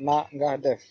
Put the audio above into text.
na nga def